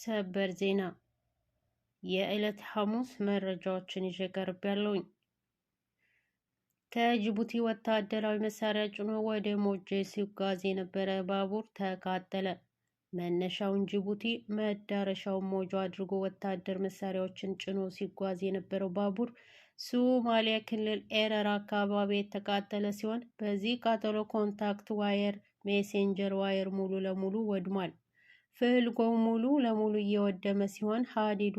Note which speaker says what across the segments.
Speaker 1: ሰበር ዜና የዕለት ሐሙስ መረጃዎችን ይዤ ቀርብ ያለውኝ ከጅቡቲ ወታደራዊ መሳሪያ ጭኖ ወደ ሞጆ ሲጓዝ የነበረ ባቡር ተቃጠለ። መነሻውን ጅቡቲ መዳረሻውን ሞጆ አድርጎ ወታደር መሳሪያዎችን ጭኖ ሲጓዝ የነበረው ባቡር ሶማሊያ ክልል ኤረር አካባቢ የተቃጠለ ሲሆን በዚህ ቃጠሎ ኮንታክት ዋየር፣ ሜሴንጀር ዋየር ሙሉ ለሙሉ ወድሟል። ፍልጎው ሙሉ ለሙሉ እየወደመ ሲሆን ሀዲዱ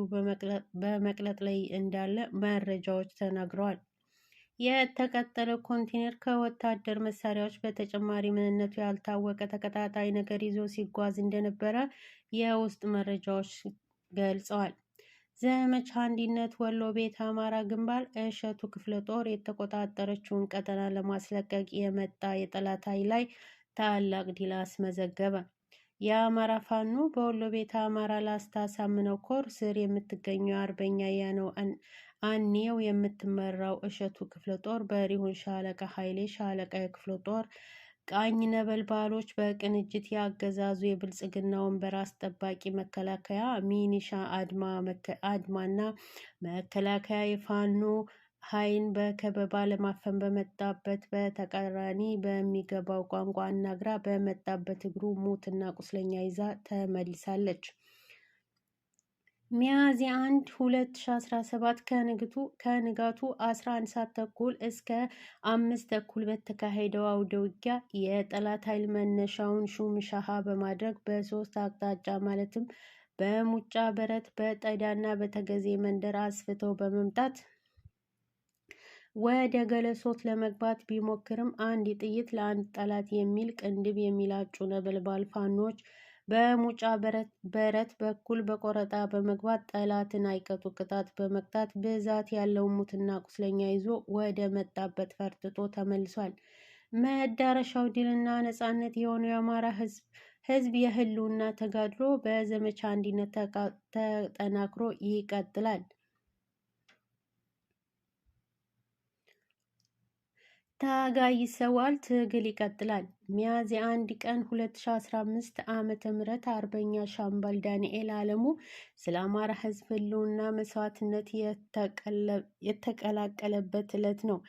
Speaker 1: በመቅለጥ ላይ እንዳለ መረጃዎች ተናግረዋል። የተቀጠለ ኮንቴነር ከወታደር መሳሪያዎች በተጨማሪ ምንነቱ ያልታወቀ ተቀጣጣይ ነገር ይዞ ሲጓዝ እንደነበረ የውስጥ መረጃዎች ገልጸዋል። ዘመቻ አንድነት ወሎ ቤት አማራ ግንባር እሸቱ ክፍለ ጦር የተቆጣጠረችውን ቀጠና ለማስለቀቅ የመጣ የጠላት ኃይል ላይ ታላቅ ድል አስመዘገበ። የአማራ ፋኖ በወሎ ቤተ አማራ ላስታ ሳምነው ኮር ስር የምትገኘው አርበኛ ያነው አኔው የምትመራው እሸቱ ክፍለ ጦር በሪሁን ሻለቃ ኃይሌ ሻለቃ የክፍለ ጦር ቃኝ ነበልባሎች በቅንጅት ያገዛዙ የብልጽግና ወንበር አስጠባቂ መከላከያ ሚኒሻ አድማና መከላከያ የፋኖ ኃይን በከበባ ለማፈን በመጣበት በተቃራኒ በሚገባው ቋንቋ አናግራ በመጣበት እግሩ እና ቁስለኛ ይዛ ተመልሳለች። ሚያዝያ 1 2017 ከንግቱ ከንጋቱ 11 ሰዓት ተኩል እስከ አምስት ተኩል በተካሄደው አውደ ውጊያ የጠላት ኃይል መነሻውን ሹም ሻሃ በማድረግ በሶስት አቅጣጫ ማለትም በሙጫ በረት፣ በጠዳና በተገዜ መንደር አስፍተው በመምጣት ወደ ገለሶት ለመግባት ቢሞክርም አንድ ጥይት ለአንድ ጠላት የሚል ቅንድብ የሚላጩ ነበልባል ፋኖች በሙጫ በረት በኩል በቆረጣ በመግባት ጠላትን አይቀጡ ቅጣት በመቅጣት ብዛት ያለው ሙትና ቁስለኛ ይዞ ወደ መጣበት ፈርጥጦ ተመልሷል። መዳረሻው ድልና ነጻነት የሆነው የአማራ ሕዝብ ህዝብ የህልውና ተጋድሎ በዘመቻ አንድነት ተጠናክሮ ይቀጥላል። ታጋይ ሰዋል ትግል ይቀጥላል። ሚያዝያ አንድ ቀን 2015 ዓመተ ምህረት አርበኛ ሻምበል ዳንኤል አለሙ ስለ አማራ ህዝብ ህልውና መስዋዕትነት የተቀላቀለበት ዕለት ነው።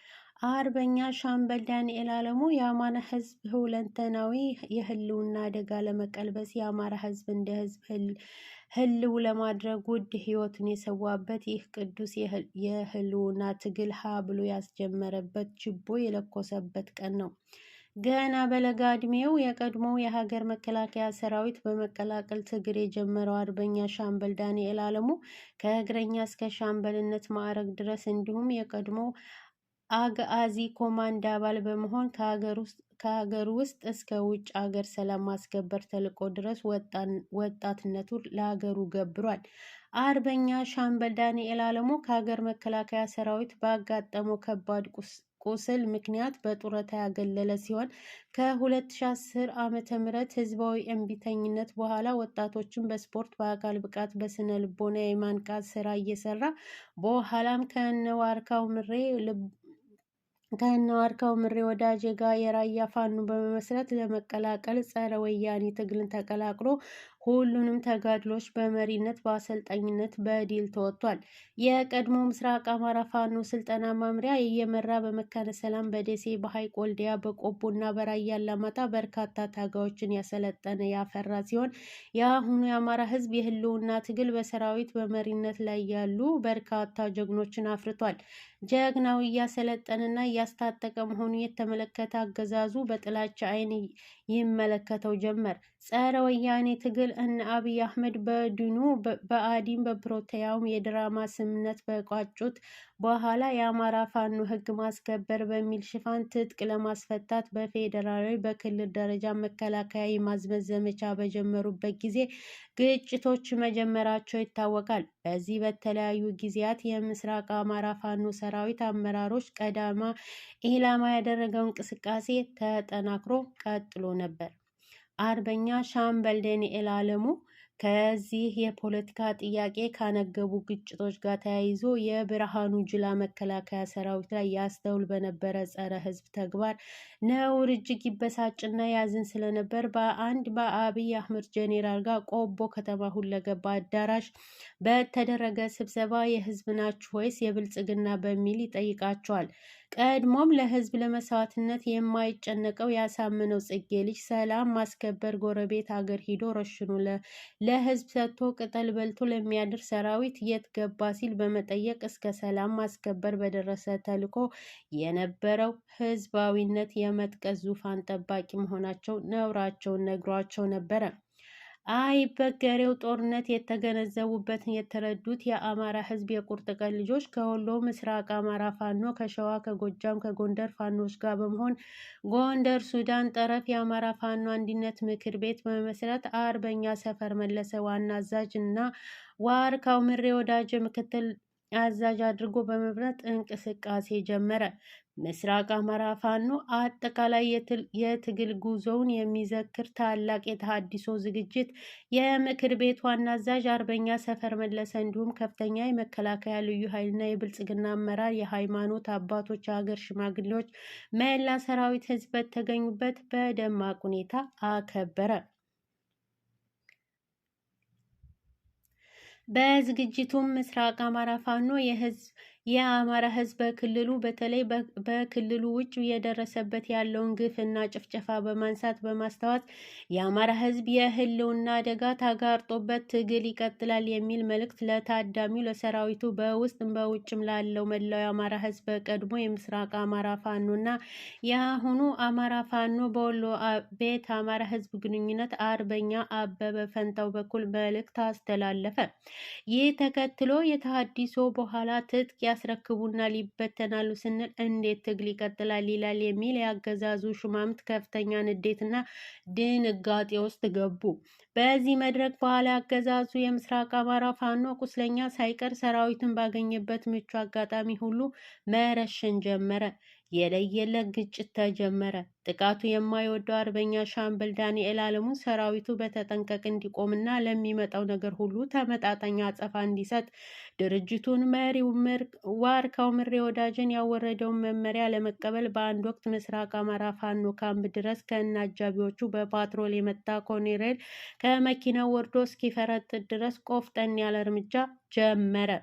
Speaker 1: አርበኛ ሻምበል ዳንኤል አለሙ የአማራ ህዝብ ሁለንተናዊ የህልውና አደጋ ለመቀልበስ የአማራ ህዝብ እንደ ህዝብ ህልው ለማድረግ ውድ ህይወቱን የሰዋበት ይህ ቅዱስ የህልውና ትግል ሀ ብሎ ያስጀመረበት ችቦ የለኮሰበት ቀን ነው። ገና በለጋ እድሜው የቀድሞው የሀገር መከላከያ ሰራዊት በመቀላቀል ትግል የጀመረው አርበኛ ሻምበል ዳንኤል አለሙ ከእግረኛ እስከ ሻምበልነት ማዕረግ ድረስ እንዲሁም የቀድሞ አግአዚ ኮማንድ አባል በመሆን ከሀገር ውስጥ እስከ ውጭ ሀገር ሰላም ማስከበር ተልዕኮ ድረስ ወጣትነቱ ለሀገሩ ገብሯል። አርበኛ ሻምበል ዳንኤል አለሙ ከሀገር መከላከያ ሰራዊት ባጋጠመው ከባድ ቁስል ምክንያት በጡረታ ያገለለ ሲሆን ከ2010 ዓ ም ህዝባዊ እምቢተኝነት በኋላ ወጣቶችን በስፖርት፣ በአካል ብቃት፣ በስነ ልቦና የማንቃት ስራ እየሰራ በኋላም ከነዋርካው ምሬ ከነዋርካው ምሬ ወዳጅ ጋር የራያ ፋኖ በመመስረት ለመቀላቀል ጸረ ወያኔ ትግልን ተቀላቅሎ ሁሉንም ተጋድሎች በመሪነት በአሰልጣኝነት በድል ተወጥቷል። የቀድሞ ምስራቅ አማራ ፋኖ ስልጠና ማምሪያ እየመራ በመካነ ሰላም፣ በደሴ፣ በሐይቅ ወልዲያ፣ በቆቦና በራያ አላማጣ በርካታ ታጋዮችን ያሰለጠነ ያፈራ ሲሆን የአሁኑ የአማራ ሕዝብ የህልውና ትግል በሰራዊት በመሪነት ላይ ያሉ በርካታ ጀግኖችን አፍርቷል። ጀግናው እያሰለጠንና እያስታጠቀ መሆኑ የተመለከተ አገዛዙ በጥላቻ ዓይን ይመለከተው ጀመር። ጸረ ወያኔ ትግል እነ አብይ አህመድ በድኑ በአዲም በፕሪቶሪያው የድራማ ስምምነት በቋጩት በኋላ የአማራ ፋኖ ህግ ማስከበር በሚል ሽፋን ትጥቅ ለማስፈታት በፌዴራላዊ በክልል ደረጃ መከላከያ የማዝመት ዘመቻ በጀመሩበት ጊዜ ግጭቶች መጀመራቸው ይታወቃል። በዚህ በተለያዩ ጊዜያት የምስራቅ አማራ ፋኖ ሰራዊት አመራሮች ቀዳማ ኢላማ ያደረገው እንቅስቃሴ ተጠናክሮ ቀጥሎ ነበር። አርበኛ ሻምበል ዳንኤል አለሙ ከዚህ የፖለቲካ ጥያቄ ካነገቡ ግጭቶች ጋር ተያይዞ የብርሃኑ ጁላ መከላከያ ሰራዊት ላይ ያስተውል በነበረ ጸረ ሕዝብ ተግባር ነውር እጅግ ይበሳጭና ያዝን ስለነበር በአንድ በአብይ አህመድ ጄኔራል ጋር ቆቦ ከተማ ሁለገባ አዳራሽ በተደረገ ስብሰባ የሕዝብ ናችሁ ወይስ የብልጽግና በሚል ይጠይቃቸዋል። ቀድሞም ለህዝብ ለመስዋዕትነት የማይጨነቀው ያሳምነው ጽጌ ልጅ ሰላም ማስከበር ጎረቤት አገር ሂዶ ረሽኑ ለህዝብ ሰጥቶ ቅጠል በልቶ ለሚያድር ሰራዊት የት ገባ ሲል በመጠየቅ እስከ ሰላም ማስከበር በደረሰ ተልኮ የነበረው ህዝባዊነት የመጥቀስ ዙፋን ጠባቂ መሆናቸው ነውራቸውን ነግሯቸው ነበረ። አይበገሬው ጦርነት የተገነዘቡበትን የተረዱት የአማራ ህዝብ የቁርጥ ቀን ልጆች ከወሎ ምስራቅ አማራ ፋኖ ከሸዋ ከጎጃም ከጎንደር ፋኖች ጋር በመሆን ጎንደር ሱዳን ጠረፍ የአማራ ፋኖ አንድነት ምክር ቤት በመመስረት አርበኛ ሰፈር መለሰ ዋና አዛዥ እና ዋርካው ምሬ ወዳጅ ምክትል አዛዥ አድርጎ በመምረጥ እንቅስቃሴ ጀመረ። ምስራቅ አማራ ፋኖ አጠቃላይ የትግል ጉዞውን የሚዘክር ታላቅ የተሃድሶ ዝግጅት የምክር ቤት ዋና አዛዥ አርበኛ ሰፈር መለሰ እንዲሁም ከፍተኛ የመከላከያ ልዩ ኃይልና የብልጽግና አመራር፣ የሃይማኖት አባቶች፣ የሀገር ሽማግሌዎች፣ መላ ሰራዊት ህዝብ በተገኙበት በደማቅ ሁኔታ አከበረ። በዝግጅቱም ምስራቅ አማራ ፋኖ የህዝብ የአማራ ህዝብ በክልሉ በተለይ በክልሉ ውጭ የደረሰበት ያለውን ግፍና ጭፍጨፋ በማንሳት በማስታወስ የአማራ ህዝብ የህልውና አደጋ ተጋርጦበት ትግል ይቀጥላል የሚል መልእክት ለታዳሚው ለሰራዊቱ በውስጥ በውጭም ላለው መላው የአማራ ህዝብ በቀድሞ የምስራቅ አማራ ፋኖ እና የአሁኑ አማራ ፋኖ በወሎ ቤት አማራ ህዝብ ግንኙነት አርበኛ አበበ ፈንታው በኩል መልእክት አስተላለፈ። ይህ ተከትሎ የተሃድሶ በኋላ ትጥቅ ያስረክቡናል፣ ይበተናሉ ስንል እንዴት ትግል ይቀጥላል ይላል የሚል የአገዛዙ ሹማምት ከፍተኛ ንዴትና ድንጋጤ ውስጥ ገቡ። በዚህ መድረክ በኋላ አገዛዙ የምስራቅ አማራ ፋኖ ቁስለኛ ሳይቀር ሰራዊትን ባገኘበት ምቹ አጋጣሚ ሁሉ መረሸን ጀመረ። የለየለት ግጭት ተጀመረ። ጥቃቱ የማይወደው አርበኛ ሻምበል ዳንኤል አለሙ ሰራዊቱ በተጠንቀቅ እንዲቆምና ለሚመጣው ነገር ሁሉ ተመጣጣኝ አጸፋ እንዲሰጥ ድርጅቱን መሪው ዋርካው ምሬ ወዳጅን ያወረደውን መመሪያ ለመቀበል በአንድ ወቅት ምስራቅ አማራ ፋኖ ካምፕ ድረስ ከነ አጃቢዎቹ በፓትሮል የመጣ ኮኔሬል ከመኪናው ወርዶ እስኪፈረጥ ድረስ ቆፍጠን ያለ እርምጃ ጀመረ።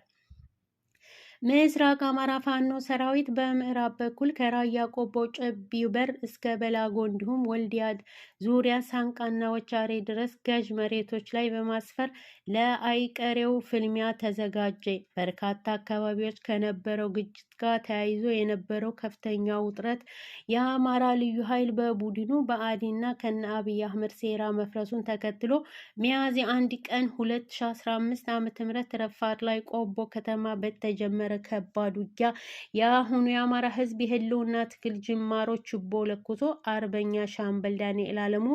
Speaker 1: ምስራቅ አማራ ፋኖ ሰራዊት በምዕራብ በኩል ከራያ ቆቦ ጨቢ በር እስከ በላጎ እንዲሁም ወልዲያ ዙሪያ ሳንቃና ወቻሬ ድረስ ገዥ መሬቶች ላይ በማስፈር ለአይቀሬው ፍልሚያ ተዘጋጀ። በርካታ አካባቢዎች ከነበረው ግጭት ጋር ተያይዞ የነበረው ከፍተኛ ውጥረት የአማራ ልዩ ኃይል በቡድኑ በአዲና ከነ አብይ አህመድ ሴራ መፍረሱን ተከትሎ ሚያዝያ አንድ ቀን 2015 ዓ.ም ረፋድ ላይ ቆቦ ከተማ በተጀመረ የነበረ ከባድ ውጊያ የአሁኑ የአማራ ህዝብ የህልውና ትግል ጅማሮ ችቦ ለኩቶ አርበኛ ሻምበል ዳንኤል አለሙ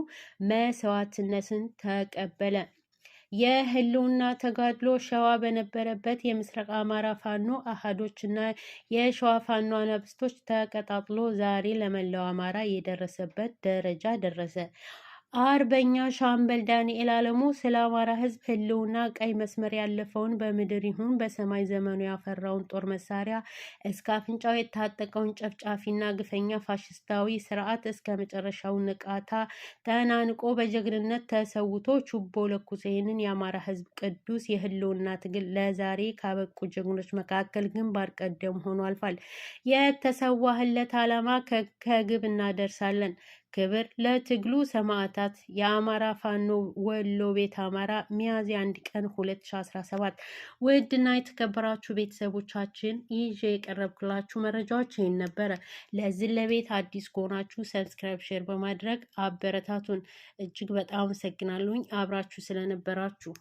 Speaker 1: መስዋዕትነትን ተቀበለ። የህልውና ተጋድሎ ሸዋ በነበረበት የምስራቅ አማራ ፋኖ አህዶች እና የሸዋ ፋኖ አናብስቶች ተቀጣጥሎ ዛሬ ለመላው አማራ የደረሰበት ደረጃ ደረሰ። አርበኛ ሻምበል ዳንኤል አለሙ ስለ አማራ ሕዝብ ህልውና ቀይ መስመር ያለፈውን በምድር ይሁን በሰማይ ዘመኑ ያፈራውን ጦር መሳሪያ እስከ አፍንጫው የታጠቀውን ጨፍጫፊና ግፈኛ ፋሽስታዊ ስርዓት እስከ መጨረሻው ንቃታ ተናንቆ በጀግንነት ተሰውቶ ችቦ ለኩሶ ይህንን የአማራ ሕዝብ ቅዱስ የህልውና ትግል ለዛሬ ካበቁ ጀግኖች መካከል ግንባር ቀደም ሆኖ አልፏል። የተሰዋህለት ዓላማ ከግብ እናደርሳለን። ክብር ለትግሉ ሰማዕታት የአማራ ፋኖ ወሎ ቤት አማራ ሚያዝያ አንድ ቀን 2017። ውድና የተከበራችሁ ቤተሰቦቻችን ይዤ የቀረብኩላችሁ መረጃዎች ይህን ነበረ። ለዚህ ለቤት አዲስ ከሆናችሁ ሰብስክራይብ፣ ሼር በማድረግ አበረታቱን። እጅግ በጣም አመሰግናለሁኝ አብራችሁ ስለነበራችሁ።